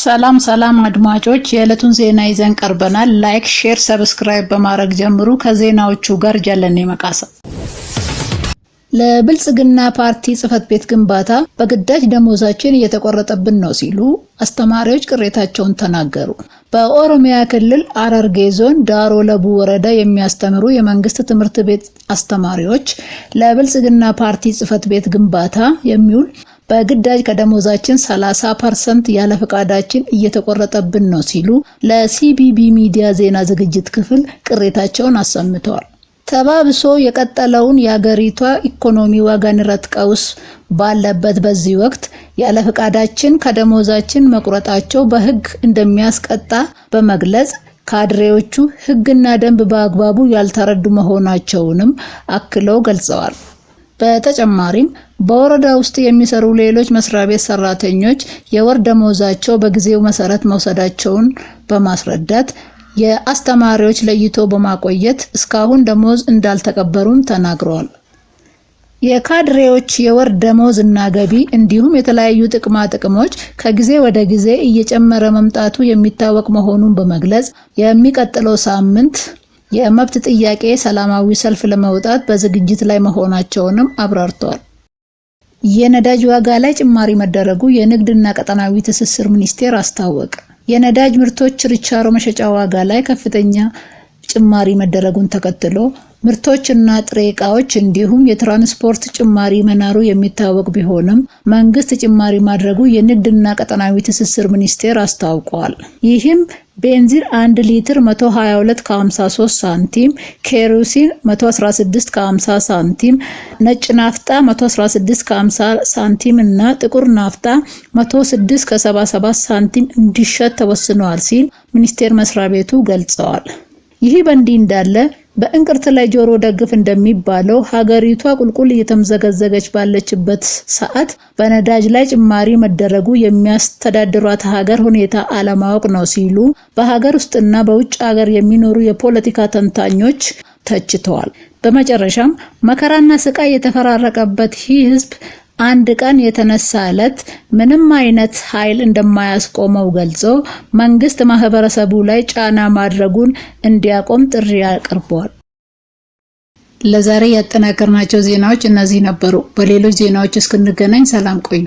ሰላም ሰላም አድማጮች የዕለቱን ዜና ይዘን ቀርበናል። ላይክ፣ ሼር፣ ሰብስክራይብ በማድረግ ጀምሩ። ከዜናዎቹ ጋር ጃለን መቃሳ። ለብልጽግና ፓርቲ ጽህፈት ቤት ግንባታ በግዳጅ ደሞዛችን እየተቆረጠብን ነው ሲሉ አስተማሪዎች ቅሬታቸውን ተናገሩ። በኦሮሚያ ክልል አረርጌ ዞን ዳሮ ለቡ ወረዳ የሚያስተምሩ የመንግስት ትምህርት ቤት አስተማሪዎች ለብልጽግና ፓርቲ ጽህፈት ቤት ግንባታ የሚውል በግዳጅ ከደሞዛችን 30 ፐርሰንት ያለ ፈቃዳችን እየተቆረጠብን ነው ሲሉ ለሲቢቢ ሚዲያ ዜና ዝግጅት ክፍል ቅሬታቸውን አሰምተዋል። ተባብሶ የቀጠለውን የአገሪቷ ኢኮኖሚ ዋጋ ንረት ቀውስ ባለበት በዚህ ወቅት ያለ ፈቃዳችን ከደሞዛችን መቁረጣቸው በሕግ እንደሚያስቀጣ በመግለጽ ካድሬዎቹ ሕግና ደንብ በአግባቡ ያልተረዱ መሆናቸውንም አክለው ገልጸዋል። በተጨማሪም በወረዳ ውስጥ የሚሰሩ ሌሎች መስሪያ ቤት ሰራተኞች የወር ደመወዛቸው በጊዜው መሰረት መውሰዳቸውን በማስረዳት የአስተማሪዎች ለይቶ በማቆየት እስካሁን ደመወዝ እንዳልተቀበሩም ተናግረዋል። የካድሬዎች የወር ደመወዝ እና ገቢ እንዲሁም የተለያዩ ጥቅማ ጥቅሞች ከጊዜ ወደ ጊዜ እየጨመረ መምጣቱ የሚታወቅ መሆኑን በመግለጽ የሚቀጥለው ሳምንት የመብት ጥያቄ ሰላማዊ ሰልፍ ለመውጣት በዝግጅት ላይ መሆናቸውንም አብራርተዋል። የነዳጅ ዋጋ ላይ ጭማሪ መደረጉ የንግድና ቀጠናዊ ትስስር ሚኒስቴር አስታወቀ። የነዳጅ ምርቶች ችርቻሮ መሸጫ ዋጋ ላይ ከፍተኛ ጭማሪ መደረጉን ተከትሎ ምርቶች እና ጥሬ ዕቃዎች እንዲሁም የትራንስፖርት ጭማሪ መናሩ የሚታወቅ ቢሆንም መንግስት ጭማሪ ማድረጉ የንግድና ቀጠናዊ ትስስር ሚኒስቴር አስታውቋል። ይህም ቤንዚን 1 ሊትር 12253 ሳንቲም፣ ኬሮሲን 116.50 ሳንቲም፣ ነጭ ናፍጣ 116.50 ሳንቲም እና ጥቁር ናፍጣ 106 ሳንቲም እንዲሸጥ ተወስነዋል ሲል ሚኒስቴር መስሪያ ቤቱ ገልጸዋል። ይህ በእንዲህ እንዳለ በእንቅርት ላይ ጆሮ ደግፍ እንደሚባለው ሀገሪቷ ቁልቁል እየተምዘገዘገች ባለችበት ሰዓት በነዳጅ ላይ ጭማሪ መደረጉ የሚያስተዳድሯት ሀገር ሁኔታ አለማወቅ ነው ሲሉ በሀገር ውስጥና በውጭ ሀገር የሚኖሩ የፖለቲካ ተንታኞች ተችተዋል። በመጨረሻም መከራና ስቃይ የተፈራረቀበት ይህ ህዝብ አንድ ቀን የተነሳ ዕለት ምንም አይነት ኃይል እንደማያስቆመው ገልጾ መንግስት ማህበረሰቡ ላይ ጫና ማድረጉን እንዲያቆም ጥሪ አቅርቧል። ለዛሬ ያጠናቀርናቸው ዜናዎች እነዚህ ነበሩ። በሌሎች ዜናዎች እስክንገናኝ ሰላም ቆዩ።